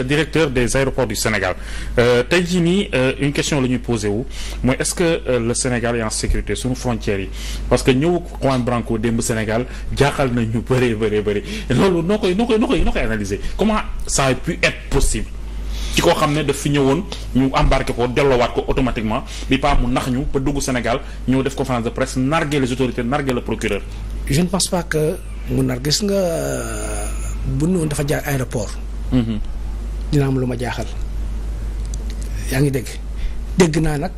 directeur des aéroports du Sénégal euh, tey jii nii euh, une question la ñuy posé wu mooy est-ce que euh, le Sénégal est en sécurité suñu frontières yi parce que ñëw Juan Branco démb Sénégal jaaxal na ñu bëree bëree bëri loolu noo koy noo koy noo koy noo koy analyser comment ça a pu être possible ci koo xam ne daf fi ñëwoon ñu embarqué ko dellowaat ko automatiquement bi pas mu nax ñu ba dugg Sénégal ñëw def conférence de presse narguer les autorités narguer le procureur. je ne pense gis nga euh, bu ñu dafa jaar aéroport. Mhm. dina am lu ma jaaxal yaa ngi dégg dégg naa nag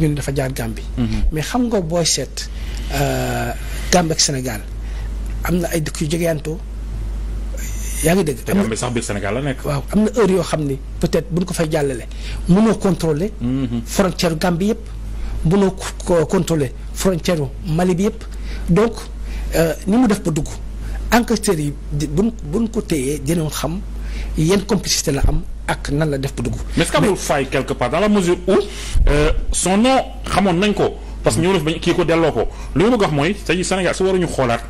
ñu ne dafa jaar Gambie. Mhm. mais xam nga booy seet euh, Gambie ak Sénégal am na ay dëkk yu jegeyantoo yaa ngi dégg. am na sax nekk. waaw am na heure yoo xam ni peut-être buñ ko fay jàllale mënoo contrôler. Mhm. frontière Gambie yëpp. mënoo ko contrôler frontière Mali bi yëpp donc euh, ni mu def ba dugg enquêteurs yi buñ buñ ko téyee dinañ xam. yenn complicité la am ak nan la def bu dugg. mais est ce que amul quelque part dans la mesure où euh, son nom xamoon nañ ko. parce que ñëw na fi bañ kii ko delloo ko lu ñu bëgg wax mooy tey Sénégal su waruñu xoolaat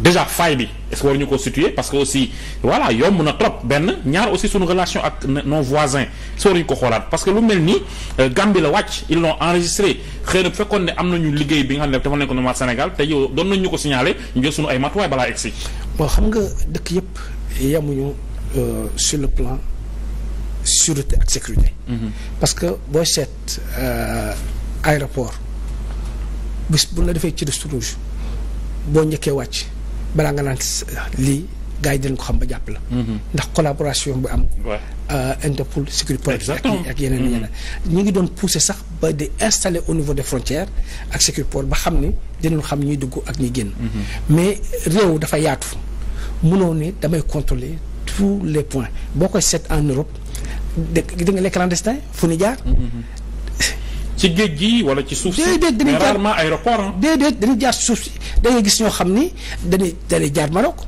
déjà faille bi est ko situer parce que aussi voilà yomb na trop benn ñaar aussi relation ak nos voisins est ce que waruñu ko xoolaat parce que lu mel ni euh, Gambie la wàcc ils l'ont enregistré xëy bu fekkoon ne am nañu liggéey bi nga xam ne dafa nekk normal Sénégal te yow doon nañu ko signalé ñu jël suñu ay matuwaay balaa egg si. bon xam nga dëkk yëpp yemuñu euh, sur le plan sûreté ak sécurité. Mm parce que boo seet euh, aéroport bis bu la defee ci liste rouge boo njëkkee wàcc balaa nga naan lii gars yi dinañ ko xam ba jàpp la. Mhm. ndax collaboration bu am. Euh, Interpol sécurité ak yeneen mhm. yeneen. ñu ngi doon pousser sax ba di installer au niveau des frontières ak sécurité ba xam ni dinañ xam ñuy dugg ak ñuy génn. Mhm. mais réew dafa yaatu mënoo ne damay contrôler. tous les points boo koy seet en Europe dégg nga les clandestins fu ñu jaar. ci géej gi wala ci suuf si. déedéet dañuy jaar rarement aéroport déedéet suuf si da ngay gis ñoo xam ni dañuy dañuy jaar Maroc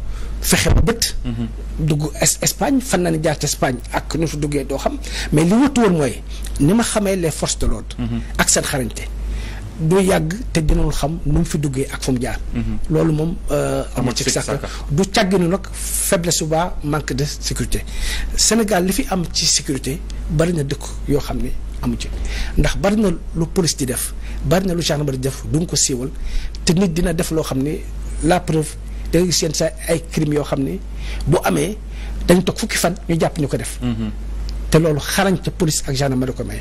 fexe ba bët. Mhm. dugg Espagne fan naa ni jaar ci Espagne ak nu su duggee doo xam mais li wëtu woon mooy ni ma xamee les forces de l'ordre mhm. ak seen xarañte. du yàgg te dinañ xam nu mu fi duggee ak fu mu jaar. Mhm. loolu moom euh, amul ci sàkk du càgginu nag faiblesse ba manque de sécurité Sénégal li fi am ci sécurité bari na dëkk yoo xam ne amu ci ndax bari na lu police di def bari na lu gendarmerie di def du nga ko siiwal te nit dina def loo xam ne la preuve da ngay seen sa ay crimes yoo xam ni bu amee dañ toog fukki fan ñu jàpp ñu ko def. Mhm. te loolu xarañ te police ak gendarmerie ko may.